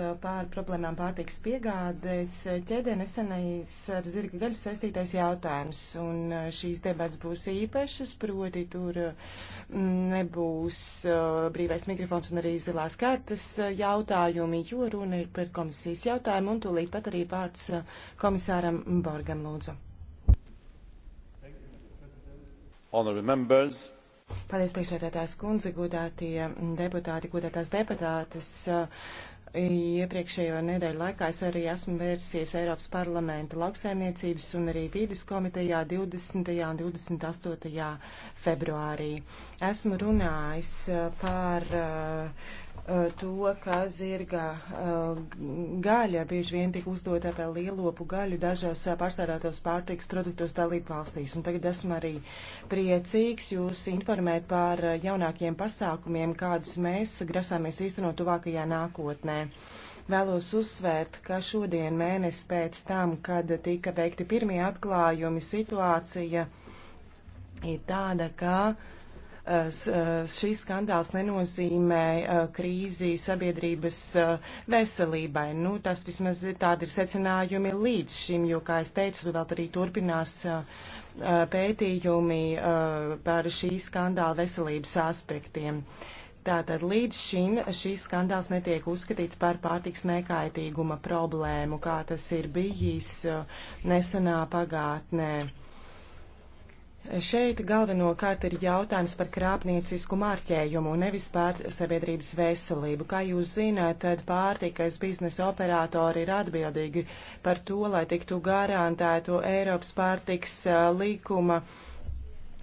Eh, pār problēmām pārtiks piegādes ķēdē nesenais ar zirga gaļu saistītais jautājums. Un eh, šīs debats būs īpašas, proti tur eh, nebūs brīvais mikrofons un arī zilās kartas jautājumi, jo runa ir par komisijas jautājumu un tūlīt pat arī vārds komisāram Borgam lūdzu. Honorable members, Paldies, priekšsēdētājs kundze, godātie mm, deputāti, godātās deputātes iepriekšējo nedēļu laikā es arī esmu vērsies Eiropas parlamenta lauksaimniecības un arī vīdes komitejā 20. un 28. februārī. Esmu runājis eh, par uh, Eh, to, ka zirga eh, gaļa bieži vien tika uzdota par lielopu gaļu dažās eh, pārstrādātos pārtiks produktos dalību valstīs. Un tagad esmu arī priecīgs jūs informēt par jaunākiem pasākumiem, kādus mēs grasāmies īstenot tuvākajā nākotnē. Vēlos uzsvērt, ka šodien mēnesis pēc tam, kad tika veikti pirmie atklājumi, situācija ir tāda, ka uh, šīs skandāls nenozīmē krīzi sabiedrības veselībai. Nu, tas vismaz tādi ir secinājumi līdz šim, jo, kā es teicu, vēl arī turpinās pētījumi par šī skandāla veselības aspektiem. Tātad līdz šim šīs skandāls netiek uzskatīts par pārtiks nekaitīguma problēmu, kā tas ir bijis nesenā pagātnē. Šeit galvenokārt ir jautājums par krāpniecisku mārķējumu, nevis par sabiedrības veselību. Kā jūs zināt, tad pārtikas biznesa operatori ir atbildīgi par to, lai tiktu garantētu Eiropas pārtiks likuma uh,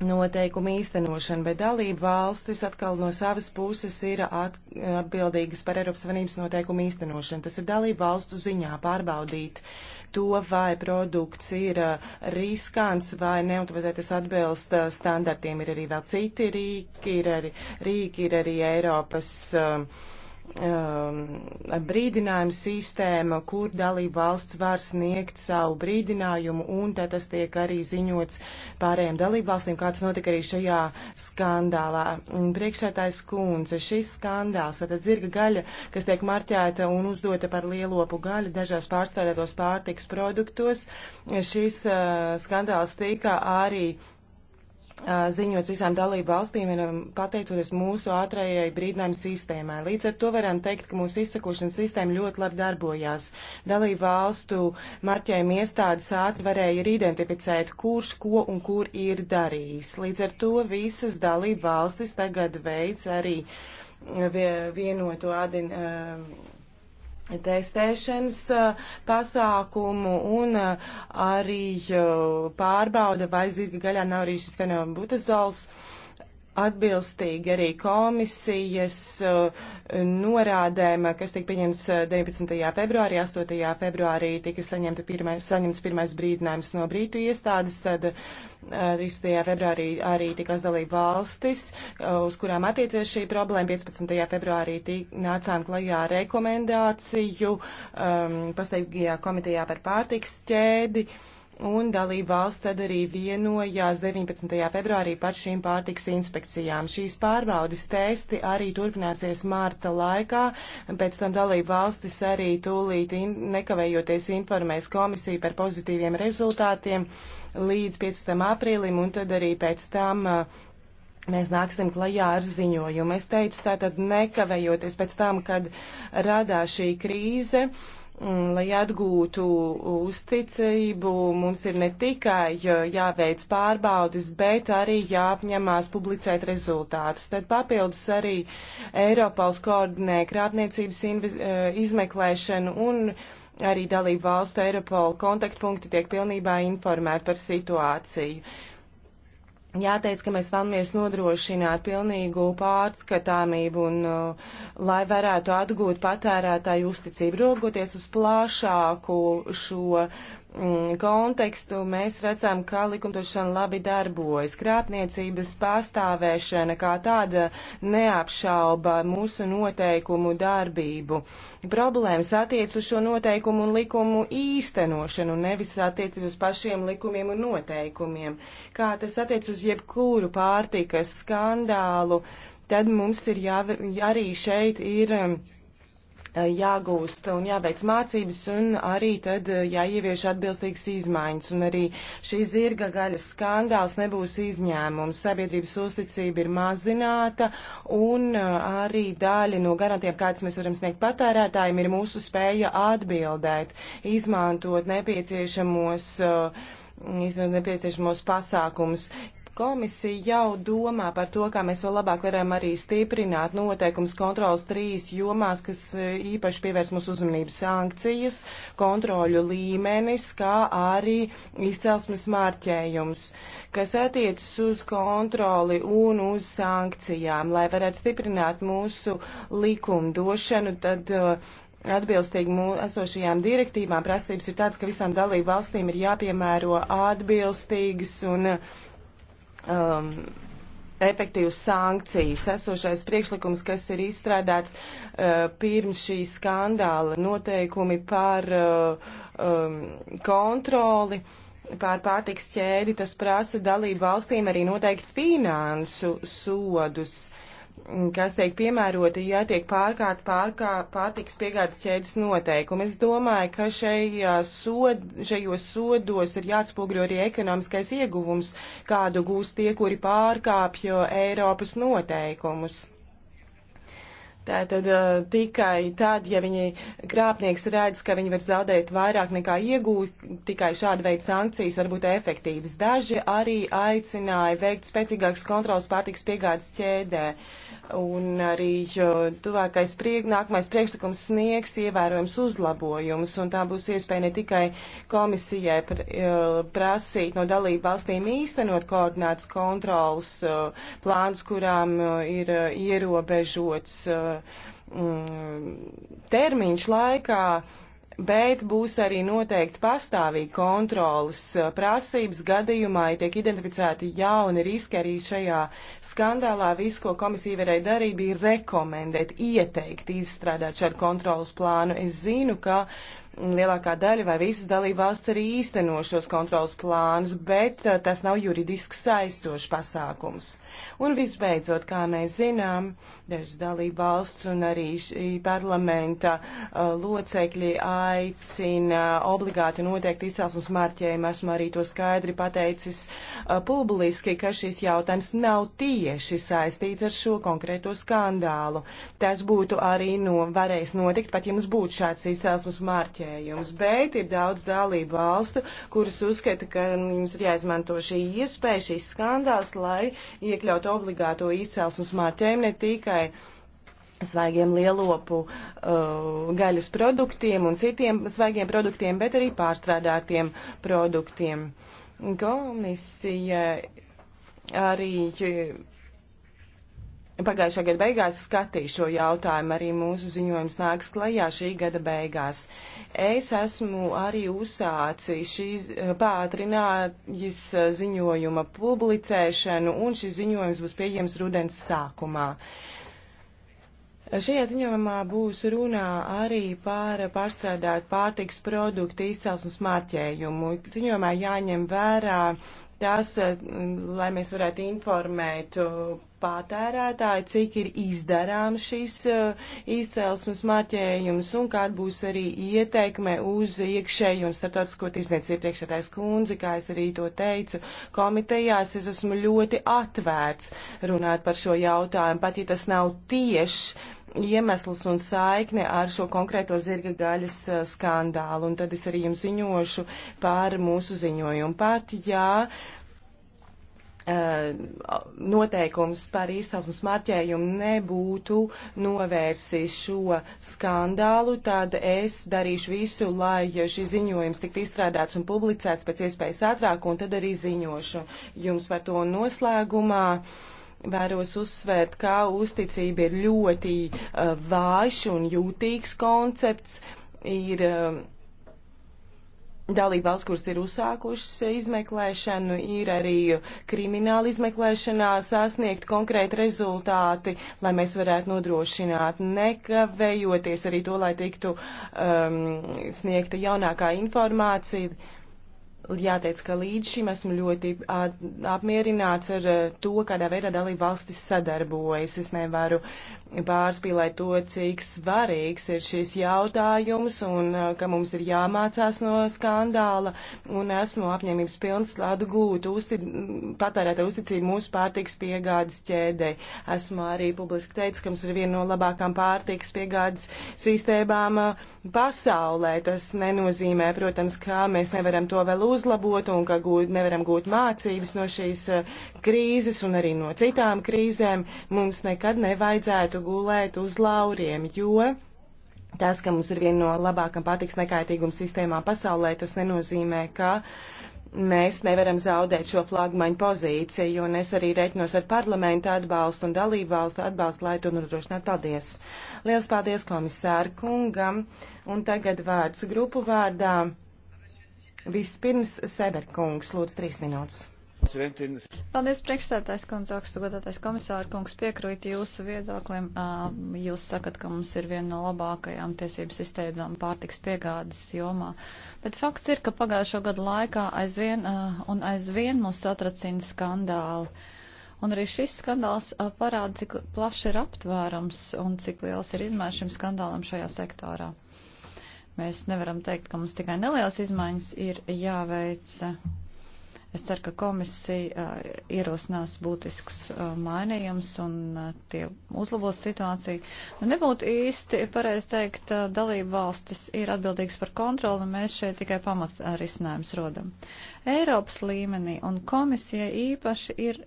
noteikumu īstenošanu, bet dalību valstis atkal no savas puses ir at, atbildīgas par Eiropas Savienības noteikumu īstenošanu. Tas ir dalību valstu ziņā pārbaudīt to, vai produkts ir uh, riskants vai neautorizētas atbilst uh, standartiem. Ir arī vēl citi rīki, ir arī, rīki, ir arī Eiropas. Uh, Um, brīdinājumu sistēma, kur dalība valsts var sniegt savu brīdinājumu, un tad tas tiek arī ziņots pārējiem dalību valstīm, kāds notika arī šajā skandālā. Priekšētājs kundze, šis skandāls, tad zirga gaļa, kas tiek marķēta un uzdota par lielopu gaļu dažās pārstrādētos pārtiks produktos, šis uh, skandāls tika arī ziņots visām dalību valstīm, um, pateicoties mūsu ātrējai brīdinājuma sistēmai. Līdz ar to varam teikt, ka mūsu izsakošanas sistēma ļoti labi darbojās. Dalību valstu marķējuma iestādes ātri varēja arī identificēt, kurš ko un kur ir darījis. Līdz ar to visas dalību valstis tagad veids arī vienoto adin. Uh, testēšanas pasākumu un arī pārbauda, vai zirga gaļā nav arī šis fenobutezols. Uh, atbilstīgi arī komisijas eh, norādēm, kas tika pieņems 19. Eh, februārī, 8. februārī tika saņemta pirmais, saņemts pirmais brīdinājums no brītu iestādes, tad 13. Eh, februārī arī tika uzdalība valstis, uz kurām attiecies šī problēma. 15. februārī tika, nācām klajā rekomendāciju um, pastāvīgajā komitejā par pārtiks ķēdi. Uh, un dalība valsts tad arī vienojās 19. februārī par šīm pārtiks inspekcijām. Šīs pārbaudas testi arī turpināsies mārta laikā, pēc tam dalība valstis arī tūlīt in nekavējoties informēs komisiju par pozitīviem rezultātiem līdz 15. aprīlim un tad arī pēc tam uh, Mēs nāksim klajā ar ziņojumu. Es teicu, tātad nekavējoties pēc tam, kad radās šī krīze, uh, Mm, lai atgūtu uzticību, mums ir ne tikai jāveic pārbaudas, bet arī jāapņemās publicēt rezultātus. Tad papildus arī Eiropals koordinē krāpniecības eh, izmeklēšanu un arī dalību valstu Eiropola kontaktpunkti tiek pilnībā informēti par situāciju. Uh, Jāteic, ka mēs vēlamies nodrošināt pilnīgu pārskatāmību un, uh, lai varētu atgūt patērētāju uzticību, rogoties uz plašāku šo Mm, kontekstu mēs redzam, ka likumdošana labi darbojas. Krāpniecības pastāvēšana kā tāda neapšauba mūsu noteikumu darbību. Problēmas attiec uz šo noteikumu un likumu īstenošanu, nevis attiec uz pašiem likumiem un noteikumiem. Kā tas attiec uz jebkuru pārtikas skandālu, tad mums ir jā, arī šeit ir. Um, Eh, jāgūst un jāveic mācības, un arī tad eh, jāievieš atbilstīgas izmaiņas. Un arī šī zirga gaļas skandāls nebūs izņēmums. Sabiedrības uzticība ir mazināta, un eh, arī daļa no garantiem, kādas mēs varam sniegt patērētājiem, ir mūsu spēja atbildēt, izmantot nepieciešamos. Uh, nepieciešamos pasākumus, komisija jau domā par to, kā mēs vēl labāk varam arī stiprināt noteikums kontrolas trīs jomās, kas e, īpaši pievērs mūsu uzmanību sankcijas, kontroļu līmenis, kā arī izcelsmes mārķējums, kas attiecas uz kontroli un uz sankcijām, lai varētu stiprināt mūsu likumdošanu, tad uh, atbilstīgi mūsu esošajām direktīvām prasības ir tāds, ka visām dalību valstīm ir jāpiemēro atbilstīgas un uh, um, efektīvas sankcijas. Esošais priekšlikums, kas ir izstrādāts uh, pirms šī skandāla, noteikumi par uh, um, kontroli pār pārtiks ķēdi, tas prasa dalību valstīm arī noteikti finansu sodus. Uh, kas tiek piemēroti, ja tiek pārkārt pārkā, pārtiks piegādes ķēdes noteikumi. Es domāju, ka šajā sod, šajos sodos ir jāatspūgļo arī ekonomiskais ieguvums, kādu gūs tie, kuri pārkāpjo Eiropas noteikumus. Tātad tikai tad, ja viņi krāpnieks redz, ka viņi var zaudēt vairāk nekā iegūt, tikai šāda veida sankcijas var būt efektīvas. Daži arī aicināja veikt spēcīgākas kontrolas pārtiks piegādes ķēdē. Uh, un arī tuvākais priek, nākamais priekšlikums sniegs ievērojams uzlabojumus, un tā būs iespēja ne tikai komisijai pr, e, prasīt no dalību valstīm īstenot koordinētas kontrolas e, plāns, kurām e, ir ierobežots termiņš laikā, bet būs arī noteikts pastāvīgi kontrolas eh, prasības gadījumā, ja tiek identificēti jauni riski arī šajā skandālā. Visu, ko komisija varēja darīt, bija rekomendēt, ieteikt, izstrādāt šādu kontrolas plānu. Es zinu, ka uh, lielākā daļa vai visas dalībvalsts arī īsteno šos kontrolas plānus, bet uh, tas nav juridiski saistošs pasākums. Un visbeidzot, kā mēs zinām, dažas dalībvalsts un arī šī parlamenta uh, locekļi aicina obligāti noteikti izcelsmes marķējumu. Esmu arī to skaidri pateicis uh, publiski, ka šis jautājums nav tieši saistīts ar šo konkrēto skandālu. Tas būtu arī no, varējis notikt, pat ja mums būtu šāds izcelsmes marķējums finansējums, bet ir daudz dalību valstu, kuras uzskata, ka mums ir jāizmanto šī iespēja, šīs skandāls, lai iekļautu obligāto izcelsmes mārķēm ne tikai svaigiem lielopu uh, gaļas produktiem un citiem svaigiem produktiem, bet arī pārstrādātiem produktiem. Komisija arī Pagājušā gada beigās skatīju šo jautājumu, arī mūsu ziņojums nāks klajā šī gada beigās. Es esmu arī uzsācis šīs pātrinājis eh, ziņojuma publicēšanu, un šis ziņojums būs pieejams rudens sākumā. Šajā ziņojumā būs runā arī par pārstrādāt pārtiks produktu izcelsmes marķējumu. Ziņojumā jāņem vērā tas, eh, lai mēs varētu informēt eh, patērētāji, cik ir izdarāms šis uh, izcelsmes marķējums un kāda būs arī ieteikme uz iekšēju un starptautisko tirsniecību priekšētājs kundzi, kā es arī to teicu. Komitejās es esmu ļoti atvērts runāt par šo jautājumu, pat ja tas nav tieši iemesls un saikne ar šo konkrēto zirga gaļas eh, skandālu, un tad es arī jums ziņošu par mūsu ziņojumu. Pat, jā, ja Uh, noteikums par izcelsmes marķējumu nebūtu novērsis šo skandālu, tad es darīšu visu, lai šis ziņojums tiktu izstrādāts un publicēts pēc iespējas ātrāk, un tad arī ziņošu jums par to noslēgumā. Vēros uzsvērt, ka uzticība ir ļoti uh, vājš un jūtīgs koncepts. Ir, uh, Dalībvalsts, kuras ir uzsākušas izmeklēšanu, ir arī krimināla izmeklēšanā sasniegt konkrēti rezultāti, lai mēs varētu nodrošināt nekavējoties arī to, lai tiktu um, sniegta jaunākā informācija jāteic, ka līdz šim esmu ļoti apmierināts ar to, kādā veidā dalība valstis sadarbojas. Es nevaru pārspīlēt to, cik svarīgs ir šis jautājums un ka mums ir jāmācās no skandāla. Un esmu apņēmības pilns slādu gūt uzti, patērētā uzticību mūsu pārtiks piegādes ķēdē. Esmu arī publiski teicis, ka mums ir viena no labākām pārtiks piegādes sistēmām pasaulē. Tas nenozīmē, protams, ka mēs nevaram to vēl uzlabot uzlabota un ka gūt, nevaram gūt mācības no šīs eh, krīzes un arī no citām krīzēm, mums nekad nevajadzētu gulēt uz lauriem, jo tas, ka mums ir viena no labākām patiks nekaitīguma sistēmām pasaulē, tas nenozīmē, ka mēs nevaram zaudēt šo flagmaņu pozīciju, un es arī reiķinos ar parlamentu atbalstu un dalību valstu atbalstu, lai to nodrošinātu. Paldies! Liels paldies komisāru kungam, un tagad vārds grupu vārdā. Vispirms Seberkungs, lūdzu, trīs minūtes. Paldies, priekšsētājs kundze, augstgadātais komisāra kungs, piekrīt jūsu viedoklim. Jūs sakat, ka mums ir viena no labākajām tiesības sistēmām pārtiks piegādes jomā. Bet fakts ir, ka pagājušo gadu laikā aizvien un aizvien mūs satracina skandāli. Un arī šis skandāls parāda, cik plaši ir aptvērums un cik liels ir izmērs šim skandālam šajā sektorā. Mēs nevaram teikt, ka mums tikai nelielas izmaiņas ir jāveic. Es ceru, ka komisija uh, ierosinās būtiskus uh, mainījumus un uh, tie uzlabos situāciju. Nu, nebūtu īsti pareizi teikt, dalība valstis ir atbildīgas par kontroli, un mēs šeit tikai pamat risinājums rodam. Eiropas līmenī un komisijai īpaši ir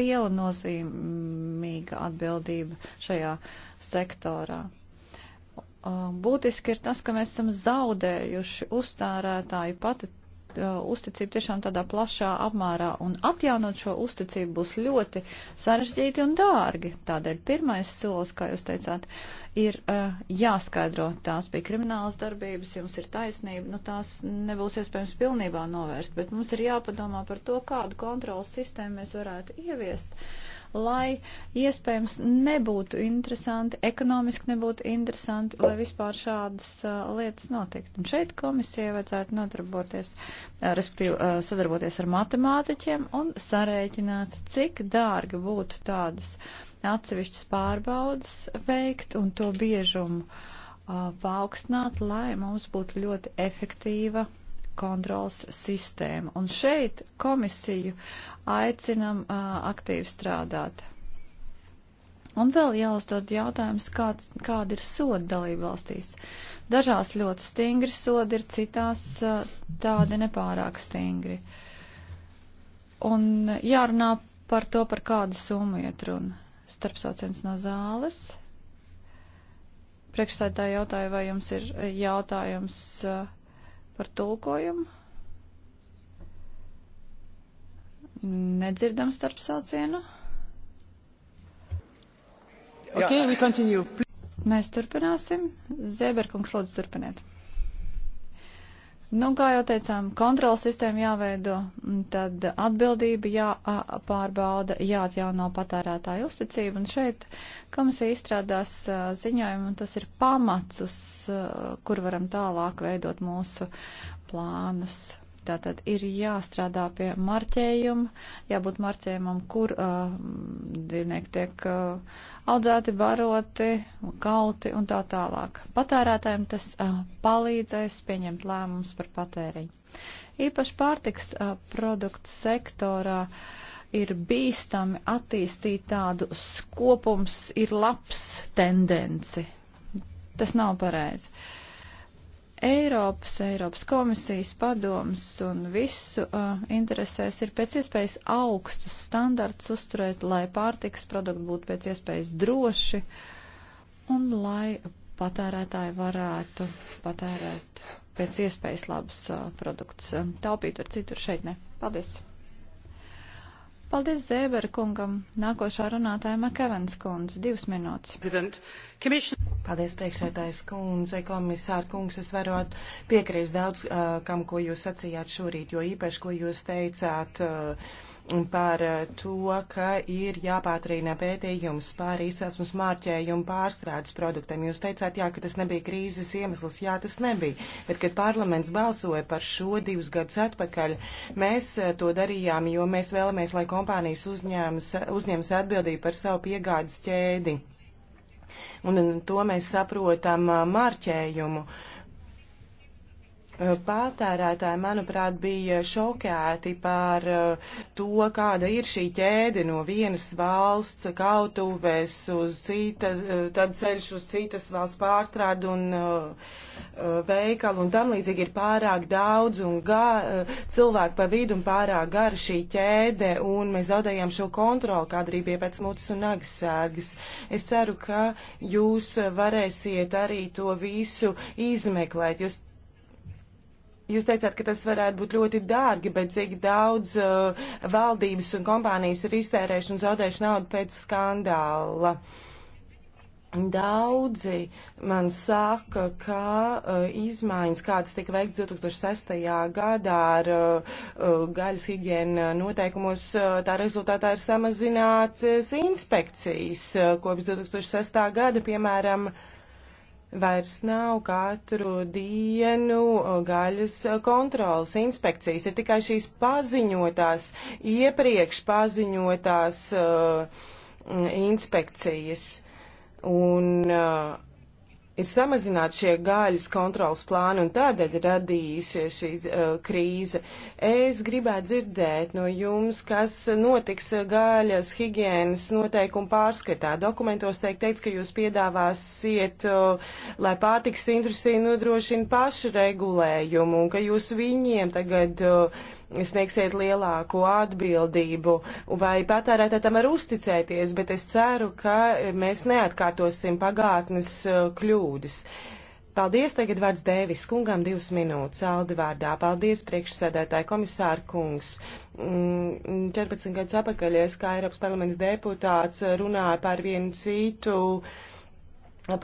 liela nozīmīga atbildība šajā sektorā. Uh, būtiski ir tas, ka mēs esam zaudējuši uztērētāju pati uh, uzticību tiešām tādā plašā apmērā, un atjaunot šo uzticību būs ļoti sarežģīti un dārgi. Tādēļ pirmais solis, kā jūs teicāt, ir uh, jāskaidro, tās bija kriminālas darbības, jums ir taisnība, nu tās nebūs iespējams pilnībā novērst, bet mums ir jāpadomā par to, kādu kontrolas sistēmu mēs varētu ieviest. Uh, lai iespējams nebūtu interesanti, ekonomiski nebūtu interesanti, lai vispār šādas uh, lietas notiktu. Un šeit komisija vajadzētu nodarboties, uh, respektīvi uh, sadarboties ar matemātiķiem un sarēķināt, cik dārgi būtu tādas atsevišķas pārbaudas veikt un to biežumu uh, paaugstināt, lai mums būtu ļoti efektīva kontrols sistēmu. Un šeit komisiju aicinam uh, aktīvi strādāt. Un vēl jāuzdod jautājums, kāds, kāda ir soda dalība valstīs. Dažās ļoti stingri sodi ir, citās tādi nepārāk stingri. Un jārunā par to, par kādu summu iet runa. Starpsauciens no zāles. Priekšsēdētāji jautāja, vai jums ir jautājums. Uh, par tulkojumu. Nedzirdam starp saucienu. Okay, Mēs turpināsim. Zēberkungs, lūdzu, turpiniet. Nu, kā jau teicām, kontrols sistēma jāveido, tad atbildība jāpārbauda, jāatjauno patērētāju uzticību, un šeit komisija izstrādās ziņojumu, un tas ir pamats, uz kur varam tālāk veidot mūsu plānus. Tātad ir jāstrādā pie marķējuma, jābūt marķējumam, kur uh, dzīvnieki tiek uh, audzēti, baroti, gauti un tā tālāk. Patērētājiem tas uh, palīdzēs pieņemt lēmumus par patēriņu. Īpaši pārtiks uh, produktu sektorā ir bīstami attīstīt tādu skopums ir labs tendenci. Tas nav pareizi. Uh, Eiropas, Eiropas komisijas padomas un visu uh, interesēs ir pēc iespējas augstus standarts uzturēt, lai pārtiks produkti būtu pēc iespējas droši un lai patērētāji varētu patērēt pēc iespējas labus uh, produktus. Taupīt var citur šeit ne. Paldies! Paldies Zēbera kungam. Nākošā runātāja Makavens kundze. Divas minūtes. Paldies priekšsētājs kundze, komisāra kungs. Es varu piekrīst daudz, uh, kam, ko jūs sacījāt šorīt, jo īpaši, ko jūs teicāt. Uh, par eh, to, ka ir jāpātrīna pētījums par izcelsmes mārķējumu pārstrādes produktiem. Jūs teicāt, jā, ka tas nebija krīzes iemesls, jā, tas nebija. Bet, kad parlaments balsoja par šo divus gadus atpakaļ, mēs eh, to darījām, jo mēs vēlamies, lai kompānijas uzņēmas, uzņemas atbildību par savu piegādes ķēdi. Un, un eh, to mēs saprotam mārķējumu. Uh, Patērētāji, manuprāt, bija šokēti par eh, to, kāda ir šī ķēde no vienas valsts kautuves uz citas, eh, tad ceļš uz citas valsts pārstrādu un eh, veikalu un tam līdzīgi ir pārāk daudz un ga, cilvēku pa vidu un pārāk gara šī ķēde un mēs zaudējām šo kontroli, kāda arī bija pēc mutes un nagas sēgas. Es ceru, ka jūs varēsiet arī to visu izmeklēt. Jūs Jūs teicāt, ka tas varētu būt ļoti dārgi, bet cik daudz uh, valdības un kompānijas ir iztērējuši un zaudējuši naudu pēc skandāla. Daudzi man saka, ka uh, izmaiņas, kādas tika veikts 2006. gadā ar uh, uh gaļas higiena noteikumos, uh, tā rezultātā ir samazināts uh, inspekcijas uh, kopš 2006. gada, piemēram, uh, vairs nav katru dienu gaļas kontrolas inspekcijas, ir tikai šīs paziņotās, iepriekš paziņotās uh, inspekcijas. Un, uh, ir samazināti šie gaļas kontrolas plāni un tādēļ radījusies šī uh, krīze. Es gribētu dzirdēt no jums, kas notiks gaļas higienas noteikumu pārskatā. Dokumentos tiek teikts, ka jūs piedāvāsiet, uh, lai pārtiks industrija nodrošina pašu regulējumu un ka jūs viņiem tagad. Uh, sniegsiet lielāku atbildību, vai patērētāji tam var uzticēties, bet es ceru, ka mēs neatkārtosim pagātnes uh, kļūdas. Paldies, tagad vārds Dēvis kungam divas minūtes, Aldi vārdā. Paldies, priekšsēdētāji komisāra kungs. 14 mm, gadus apakaļ es kā Eiropas parlaments deputāts runāju par vienu citu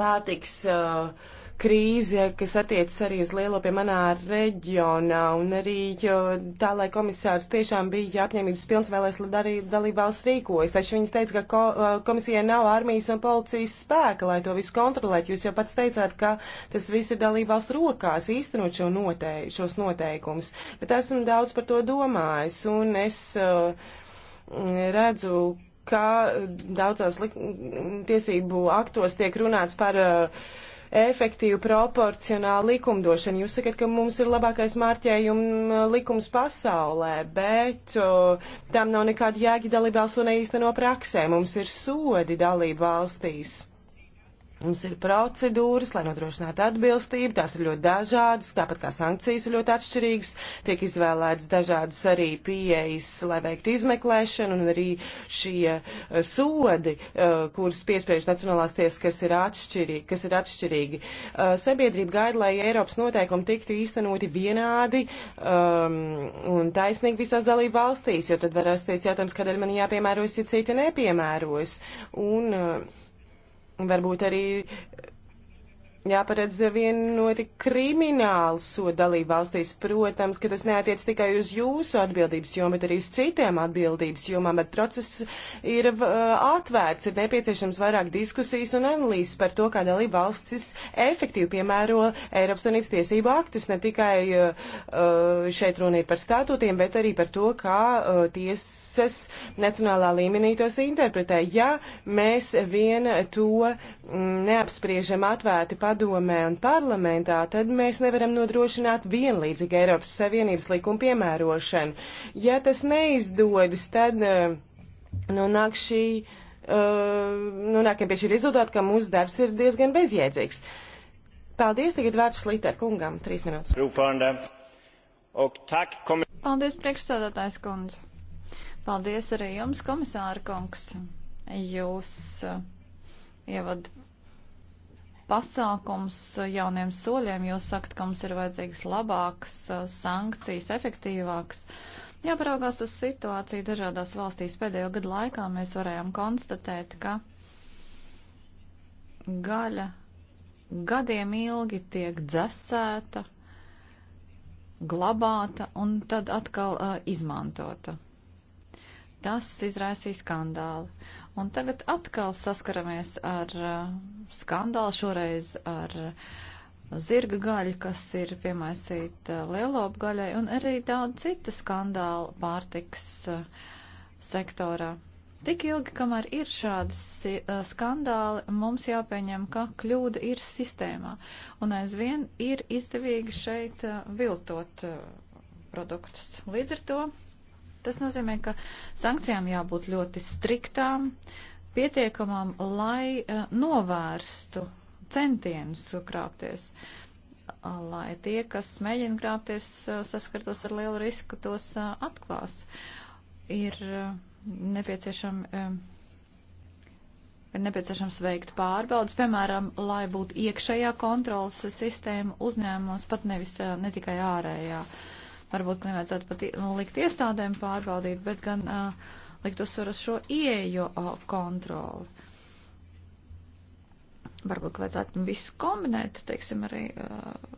pārtiks uh, krīze, kas attiecas arī uz lielo pie manā reģionā, un arī tā, lai komisārs tiešām bija apņēmības pilns vēlēs, lai dalībvalsts rīkojas. Taču viņas teica, ka ko, komisijai nav armijas un policijas spēka, lai to visu kontrolētu. Jūs jau pats teicāt, ka tas viss ir dalībvalsts rokās īstenot šo notei, šos noteikumus. Bet esmu daudz par to domājis, un es uh, redzu, ka daudzās tiesību aktos tiek runāts par uh, efektīvu proporcionālu likumdošanu. Jūs sakat, ka mums ir labākais mārķējuma mm, likums pasaulē, bet uh, tam nav nekāda jēga dalībvalsts un īsteno praksē. Mums ir sodi dalībvalstīs. Mums ir procedūras, lai nodrošinātu atbilstību, tās ir ļoti dažādas, tāpat kā sankcijas ir ļoti atšķirīgas, tiek izvēlētas dažādas arī pieejas, lai veiktu izmeklēšanu, un arī šie uh, sodi, uh, kurus piespriež Nacionālās tiesas, kas ir atšķirīgi. Kas ir atšķirīgi. Uh, sabiedrība gaida, lai Eiropas noteikumi tiktu īstenoti vienādi um, un taisnīgi visās dalību valstīs, jo tad var rasties jautājums, kādēļ man jāpiemērojas, ja citi nepiemērojas. Un, uh, varbūt arī jāparedz vienoti krimināli sodi dalību valstīs. Protams, ka tas neatiec tikai uz jūsu atbildības jomu, bet arī uz citiem atbildības jomām, bet process ir uh, atvērts, ir nepieciešams vairāk diskusijas un analīzes par to, kā dalību valstis efektīvi piemēro Eiropas Savienības tiesību aktus. Ne tikai uh, uh, šeit runa ir par statūtiem, bet arī par to, kā uh, tiesas nacionālā līmenī tos interpretē. Ja mēs vien to mm, neapspriežam atvērti padomā, padomē un parlamentā, tad mēs nevaram nodrošināt vienlīdzīgu Eiropas Savienības likumu piemērošanu. Ja tas neizdodas, tad eh, nonāk šī, eh, nonākam pie šī rezultāta, ka mūsu darbs ir diezgan bezjēdzīgs. Paldies, tagad vērts Liter kungam, trīs minūtes. Paldies, priekšsēdētājs kundze. Paldies arī jums, komisāra kungs. Jūs uh, ievad pasākums jauniem soļiem. Jūs sakat, ka mums ir vajadzīgas labākas uh, sankcijas, efektīvākas. Jāparaugās uz situāciju dažādās valstīs pēdējo gadu laikā mēs varējām konstatēt, ka gaļa gadiem ilgi tiek dzesēta, glabāta un tad atkal uh, izmantota. Tas izraisīja skandālu. Un tagad atkal saskaramies ar uh, skandālu, šoreiz ar uh, zirga gaļu, kas ir piemaisīta uh, lielopu gaļai, un arī daudz citu skandālu pārtiks uh, sektorā. Tik ilgi, kamēr ir šādi uh, skandāli, mums jāpieņem, ka kļūda ir sistēmā. Un aizvien ir izdevīgi šeit uh, viltot uh, produktus. Līdz ar to Tas nozīmē, ka sankcijām jābūt ļoti striktām, pietiekamām, lai e, novērstu centienus krāpties, lai tie, kas mēģina krāpties, e, saskartos ar lielu risku, tos e, atklās. Ir nepieciešami ir nepieciešams veikt pārbaudas, piemēram, lai būtu iekšējā kontrolas sistēma uzņēmumos, pat nevis ne tikai ārējā. Uh, varbūt nevajadzētu pat nu, likt iestādēm pārbaudīt, bet gan uh, likt uzsver uz šo ieejo uh, kontroli. Varbūt vajadzētu visu kombinēt, teiksim, arī uh,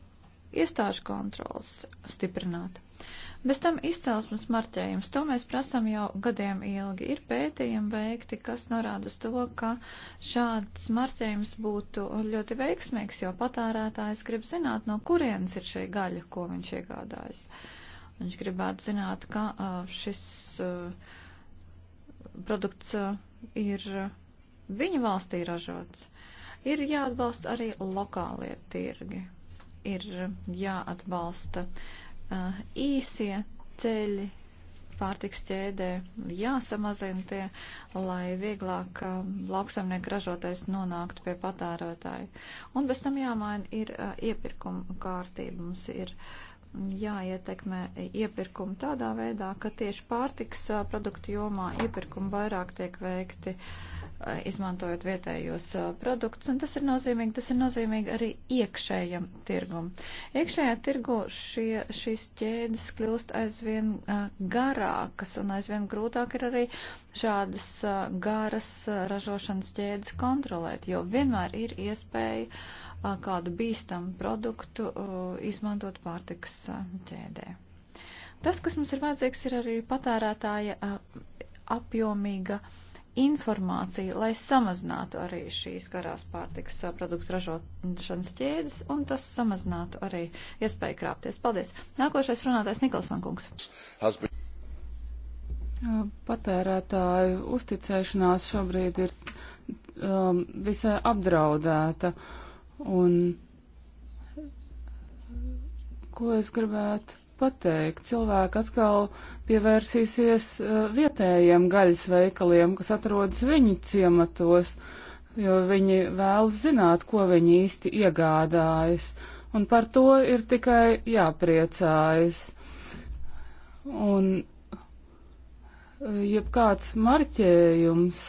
iestāžu kontrols stiprināt. Bez tam izcelsmes marķējums, to mēs prasām jau gadiem ilgi. Ir pētījumi veikti, kas norāda uz to, ka šāds marķējums būtu ļoti veiksmīgs, jo patērētājs grib zināt, no kurienes ir šī gaļa, ko viņš iegādājas. Uh, Viņš gribētu zināt, kā šis produkts ir viņa valstī ražots. Ir jāatbalsta arī lokālie tirgi, ir jāatbalsta īsie ceļi pārtiks ķēdē, jāsamazina tie, lai vieglāk lauksaimnieku ražotais nonāktu pie patērotāju. Un bez tam jāmaina ir iepirkuma kārtība. Mums ir uh, jāietekmē iepirkumu tādā veidā, ka tieši pārtiks produktu jomā iepirkumu vairāk tiek veikti izmantojot vietējos produktus, un tas ir nozīmīgi, tas ir nozīmīgi arī iekšējam tirgum. Iekšējā tirgu šie, šīs ķēdes kļūst aizvien garākas, un aizvien grūtāk ir arī šādas garas ražošanas ķēdes kontrolēt, jo vienmēr ir iespēja kādu bīstamu produktu izmantot pārtiks ķēdē. Tas, kas mums ir vajadzīgs, ir arī patērētāja apjomīga informācija, lai samazinātu arī šīs garās pārtikas produktu ražošanas ķēdes, un tas samazinātu arī iespēju krāpties. Paldies! Nākošais runātājs Nikolson kungs. Patērētāju uzticēšanās šobrīd ir um, visai apdraudēta. Uh, Un ko es gribētu pateikt? Cilvēki atkal pievērsīsies eh, vietējiem gaļas veikaliem, kas atrodas viņu ciematos, jo viņi vēlas zināt, ko viņi īsti iegādājas. Un par to ir tikai jāpriecājas. Un eh, jebkāds marķējums.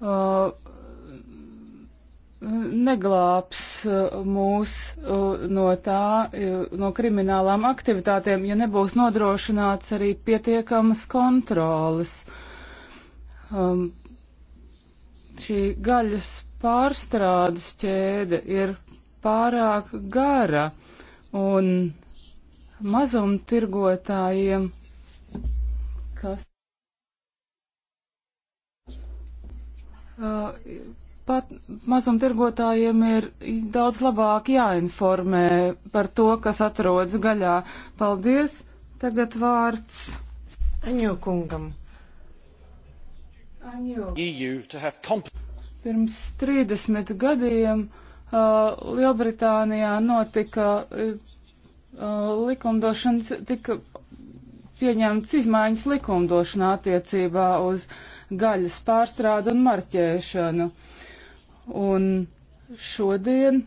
Uh, neglābs uh, mūs uh, no tā, uh, no kriminālām aktivitātēm, ja nebūs nodrošināts arī pietiekamas kontrolas. Um, šī gaļas pārstrādes ķēde ir pārāk gara un mazumtirgotājiem, kas. Uh, Par mazumtirgotājiem ir daudz labāk jāinformē par to, kas atrodas gaļā. Paldies! Tagad vārds Aņokungam. Aņo. E Pirms 30 gadiem uh, Lielbritānijā notika uh, likumdošanas, tika pieņemts izmaiņas likumdošanā attiecībā uz gaļas pārstrādu un marķēšanu. Uh, Un šodien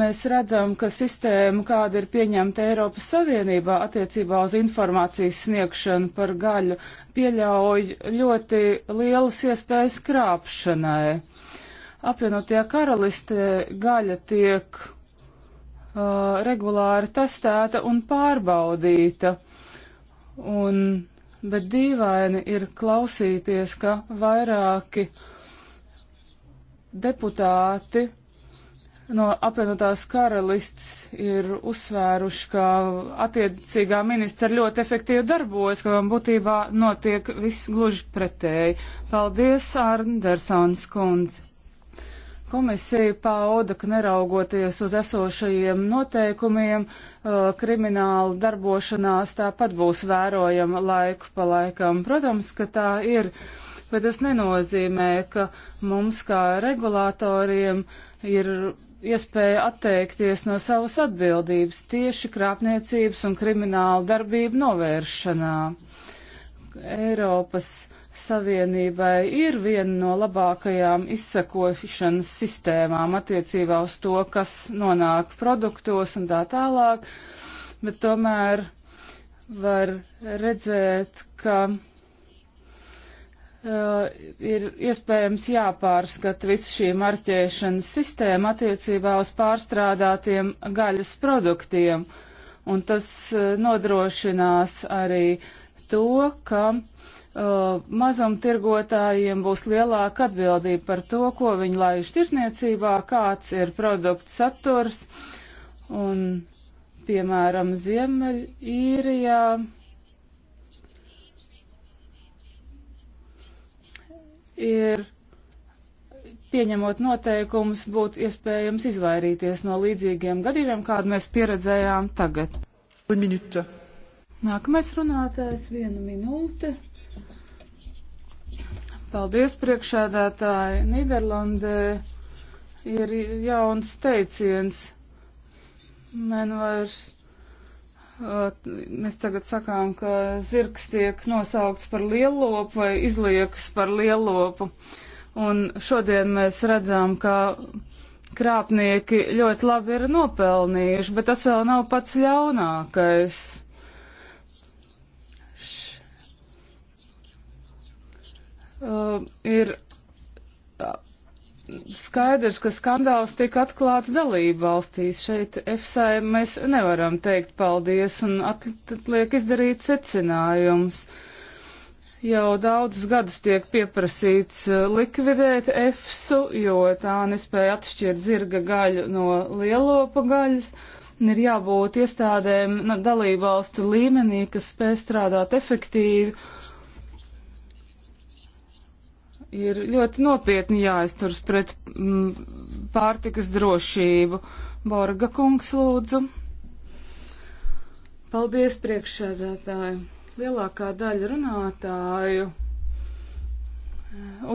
mēs redzam, ka sistēma, kāda ir pieņemta Eiropas Savienībā attiecībā uz informācijas sniegšanu par gaļu, pieļauj ļoti lielas iespējas krāpšanai. Apvienotie karalistē gaļa tiek uh, regulāri testēta un pārbaudīta. Un, bet dīvaini ir klausīties, ka vairāki uh, deputāti no apvienotās karalists ir uzsvēruši, ka attiecīgā ministra ļoti efektīvi darbojas, ka būtībā notiek viss gluži pretēji. Paldies, Andersons kundze. Komisija pauda, ka neraugoties uz esošajiem noteikumiem, uh, krimināla darbošanās tāpat būs vērojama laiku pa laikam. Protams, ka tā ir. Uh, bet tas nenozīmē, ka mums kā regulātoriem ir iespēja atteikties no savas atbildības tieši krāpniecības un kriminālu darbību novēršanā. Eiropas Savienībai ir viena no labākajām izsekošanas sistēmām attiecībā uz to, kas nonāk produktos un tā tālāk, bet tomēr var redzēt, ka Uh, ir iespējams jāpārskata visu šī marķēšanas sistēma attiecībā uz pārstrādātiem gaļas produktiem, un tas uh, nodrošinās arī to, ka uh, mazumtirgotājiem būs lielāka atbildība par to, ko viņi laiž tirzniecībā, kāds ir produktu saturs, un, piemēram, Ziemeļīrijā. Ja ir pieņemot noteikumus, būtu iespējams izvairīties no līdzīgiem gadījumiem, kādu mēs pieredzējām tagad. Minūte. Nākamais runātājs viena minūte. Paldies priekšādātāji. Nīderlandē ir jauns teiciens. Man vairs Mēs tagad sakām, ka zirgs tiek nosaukts par lielopu vai izlieks par lielopu. Un šodien mēs redzam, ka krāpnieki ļoti labi ir nopelnījuši, bet tas vēl nav pats ļaunākais. Uh, ir skaidrs, ka skandāls tiek atklāts dalību valstīs. Šeit EFSAI mēs nevaram teikt paldies un atliek izdarīt secinājums. Jau daudzus gadus tiek pieprasīts eh, likvidēt EFSU, jo tā nespēja atšķirt zirga gaļu no lielopa gaļas. Ir jābūt iestādēm dalību valstu līmenī, kas spēj strādāt efektīvi ir ļoti nopietni jāizturas pret mm, pārtikas drošību. Borga kungs lūdzu. Paldies priekšsēdētāji. Lielākā daļa runātāju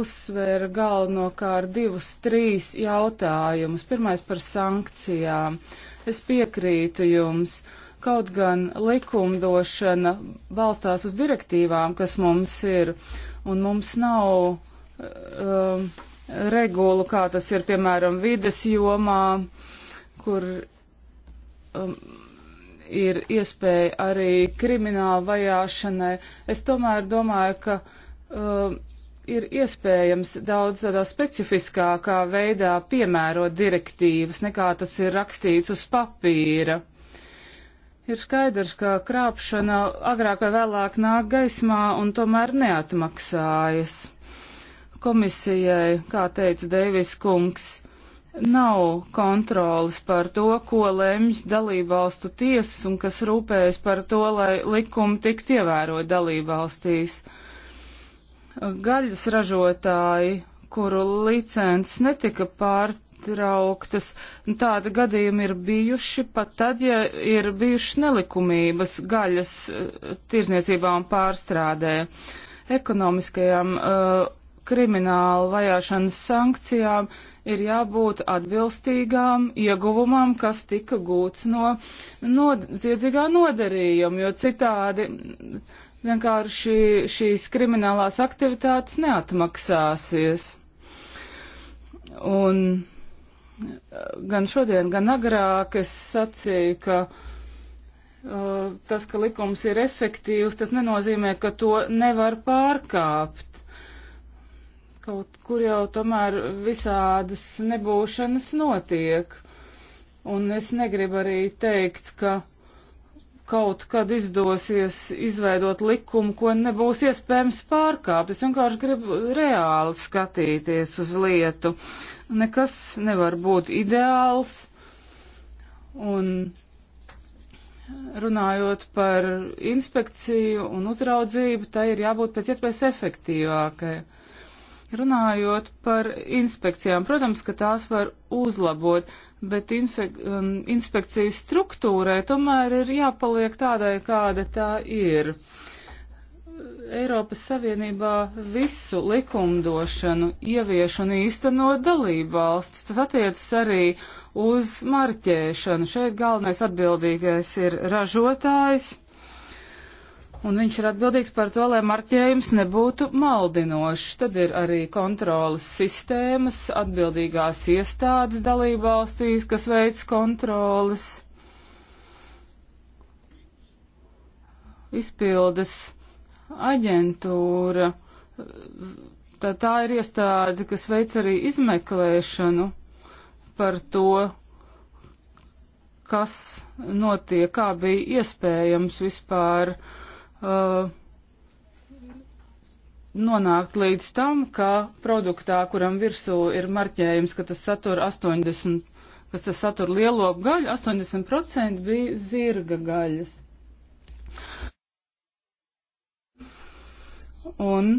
uzsvēra galvenokārt divus, trīs jautājumus. Pirmais par sankcijām. Es piekrītu jums. Kaut gan likumdošana balstās uz direktīvām, kas mums ir, un mums nav um, regulu, kā tas ir piemēram vides jomā, kur um, ir iespēja arī krimināla vajāšanai. Es tomēr domāju, ka um, ir iespējams daudz tādā specifiskākā veidā piemērot direktīvas, nekā tas ir rakstīts uz papīra. Ir skaidrs, ka krāpšana agrāk vai vēlāk nāk gaismā un tomēr neatmaksājas. Komisijai, kā teica Deivis Kungs, nav kontrolas par to, ko lemj dalībvalstu tiesas un kas rūpējas par to, lai likumi tiktu ievērot dalībvalstīs. Gaļas ražotāji, kuru licences netika pārtrauktas, tādi gadījumi ir bijuši pat tad, ja ir bijušas nelikumības gaļas eh, tirzniecībā un pārstrādē. Ekonomiskajām uh, eh, kriminālu vajāšanas sankcijām ir jābūt atbilstīgām ieguvumam, kas tika gūts no noziedzīgā nodarījuma, jo citādi vienkārši šīs kriminālās aktivitātes neatmaksāsies. Un eh, gan šodien, gan agrāk es sacīju, ka uh, tas, ka likums ir efektīvs, tas nenozīmē, ka to nevar pārkāpt. Kaut kur jau tomēr visādas nebūšanas notiek. Un es negribu arī teikt, ka kaut kad izdosies izveidot likumu, ko nebūs iespējams pārkāpt. Es vienkārši gribu reāli skatīties uz lietu. Nekas nevar būt ideāls. Un runājot par inspekciju un uzraudzību, tai ir jābūt pēc iespējas efektīvākai. Runājot par inspekcijām, protams, ka tās var uzlabot, bet infek, um, inspekcijas struktūrai tomēr ir jāpaliek tādai, kāda tā ir. Eiropas Savienībā visu likumdošanu ievieš un īsteno dalībvalsts. Tas attiecas arī uz marķēšanu. Šeit galvenais atbildīgais ir ražotājs un viņš ir atbildīgs par to, lai marķējums nebūtu maldinošs. Tad ir arī kontrolas sistēmas, atbildīgās iestādes dalībvalstīs, kas veids kontrolas. Izpildes aģentūra. Tā, tā ir iestāde, kas veic arī izmeklēšanu par to, kas notiek, kā bija iespējams vispār uh, uh, nonākt līdz tam, ka produktā, kuram virsū ir marķējums, ka tas satur 80, kas tas satur lielo gaļu, 80% bija zirga gaļas. Un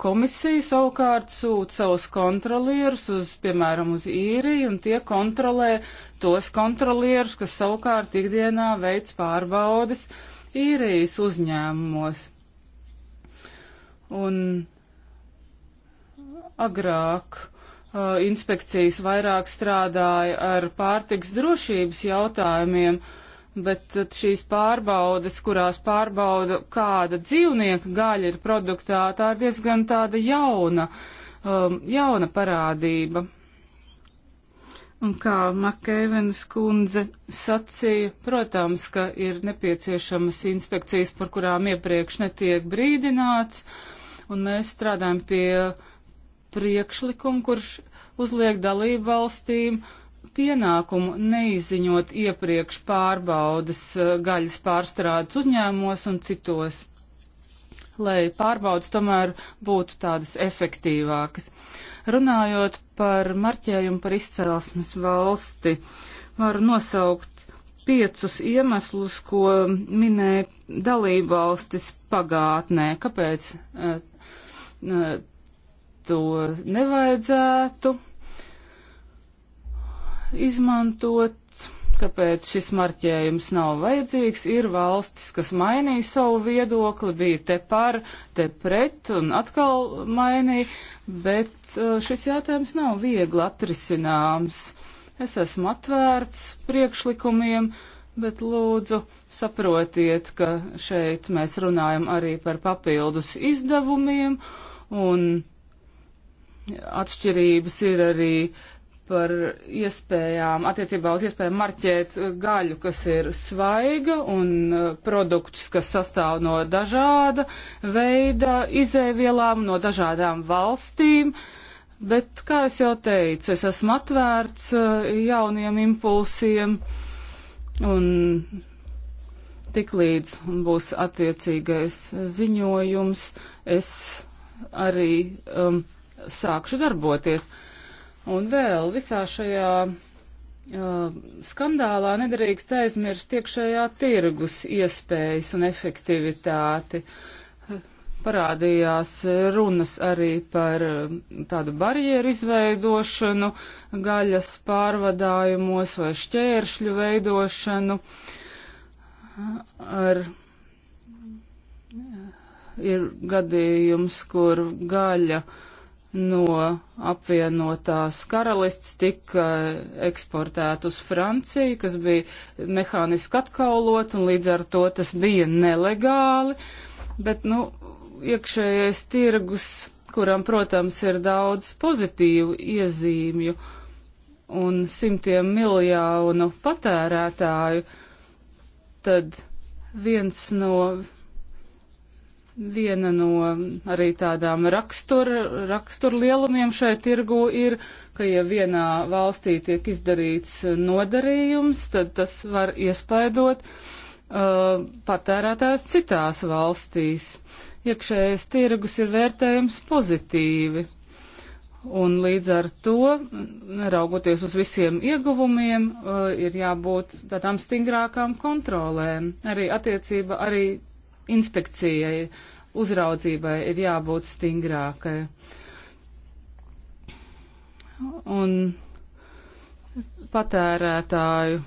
Komisija savukārt sūta savus kontrolierus uz, piemēram, uz īriju, un tie kontrolē tos kontrolierus, kas savukārt ikdienā veic pārbaudes īrijas uzņēmumos. Un agrāk uh, inspekcijas vairāk strādāja ar pārtiks drošības jautājumiem, uh, bet šīs pārbaudes, kurās pārbauda, kāda dzīvnieka gaļa ir produktā, tā ir diezgan tāda jauna, um, jauna parādība. Un kā Makēvenas kundze sacīja, protams, ka ir nepieciešamas inspekcijas, par kurām iepriekš netiek brīdināts, un mēs strādājam pie priekšlikuma, kurš uzliek dalību valstīm pienākumu neizziņot iepriekš pārbaudas eh, gaļas pārstrādes uzņēmumos un citos, lai pārbaudas tomēr būtu tādas efektīvākas. Runājot par marķējumu par izcelsmes valsti, varu nosaukt piecus iemeslus, ko minēja dalībvalstis pagātnē, kāpēc uh, uh, to nevajadzētu izmantots, kāpēc šis marķējums nav vajadzīgs. Ir valstis, kas mainīja savu viedokli, bija te par, te pret un atkal mainīja, bet uh, šis jautājums nav viegli atrisināms. Es esmu atvērts priekšlikumiem, bet lūdzu saprotiet, ka šeit mēs runājam arī par papildus izdevumiem un atšķirības ir arī uh, par iespējām, attiecībā uz iespējām marķēt gaļu, kas ir svaiga un uh, produktus, kas sastāv no dažāda veida izēvielām, no dažādām valstīm. Bet, kā es jau teicu, es esmu atvērts uh, jauniem impulsiem un tik līdz būs attiecīgais ziņojums, es arī um, sākšu darboties. Uh, Un vēl visā šajā uh, skandālā nedrīkst aizmirst iekšējā tirgus iespējas un efektivitāti. Parādījās runas arī par uh, tādu barjeru izveidošanu gaļas pārvadājumos vai šķēršļu veidošanu ar ir gadījums, kur gaļa uh, no apvienotās karalists tika eksportēt uz Franciju, kas bija mehāniski atkaulot, un līdz ar to tas bija nelegāli. Bet, nu, iekšējais tirgus, kuram, protams, ir daudz pozitīvu iezīmju un simtiem miljonu patērētāju, tad viens no Viena no arī tādām rakstur, raksturlielumiem šai tirgu ir, ka ja vienā valstī tiek izdarīts nodarījums, tad tas var iespaidot uh, patērētājs citās valstīs. Iekšējais tirgus ir vērtējums pozitīvi. Un līdz ar to, neraugoties uz visiem ieguvumiem, uh, ir jābūt tādām stingrākām kontrolēm. Arī attiecība, arī inspekcijai, uzraudzībai ir jābūt stingrākai. Un patērētāju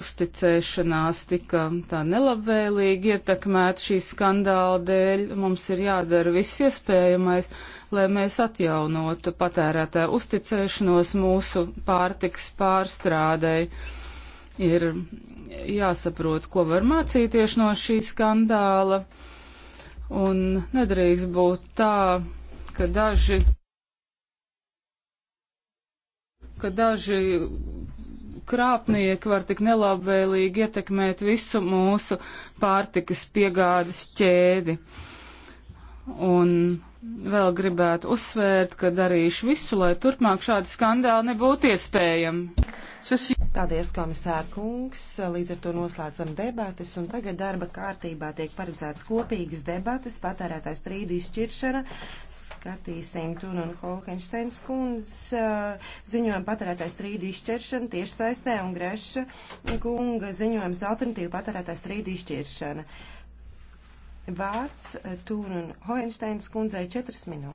uzticēšanās tika tā nelabvēlīgi ietekmēta šī skandāla dēļ. Mums ir jādara viss iespējamais, lai mēs atjaunotu patērētāju uzticēšanos mūsu pārtiks pārstrādēji ir jāsaprot, ko var mācīties no šī skandāla, un nedrīkst būt tā, ka daži, ka daži krāpnieki var tik nelabvēlīgi ietekmēt visu mūsu pārtikas piegādes ķēdi. Un vēl gribētu uzsvērt, ka darīšu visu, lai turpmāk šādi skandāli nebūtu iespējami. Paldies, komisār kungs. Līdz ar to noslēdzam debates, un tagad darba kārtībā tiek paredzēts kopīgas debates, patērētājs strīdu izšķiršana. Skatīsim Tun un Hohensteins kundz uh, ziņojumu patērētājs strīdu izšķiršana tieši saistē un Greša kunga ziņojums alternatīva patērētājs strīdu izšķiršana. Vārds eh, Tūrun Hoensteins kundzei četras minūtes.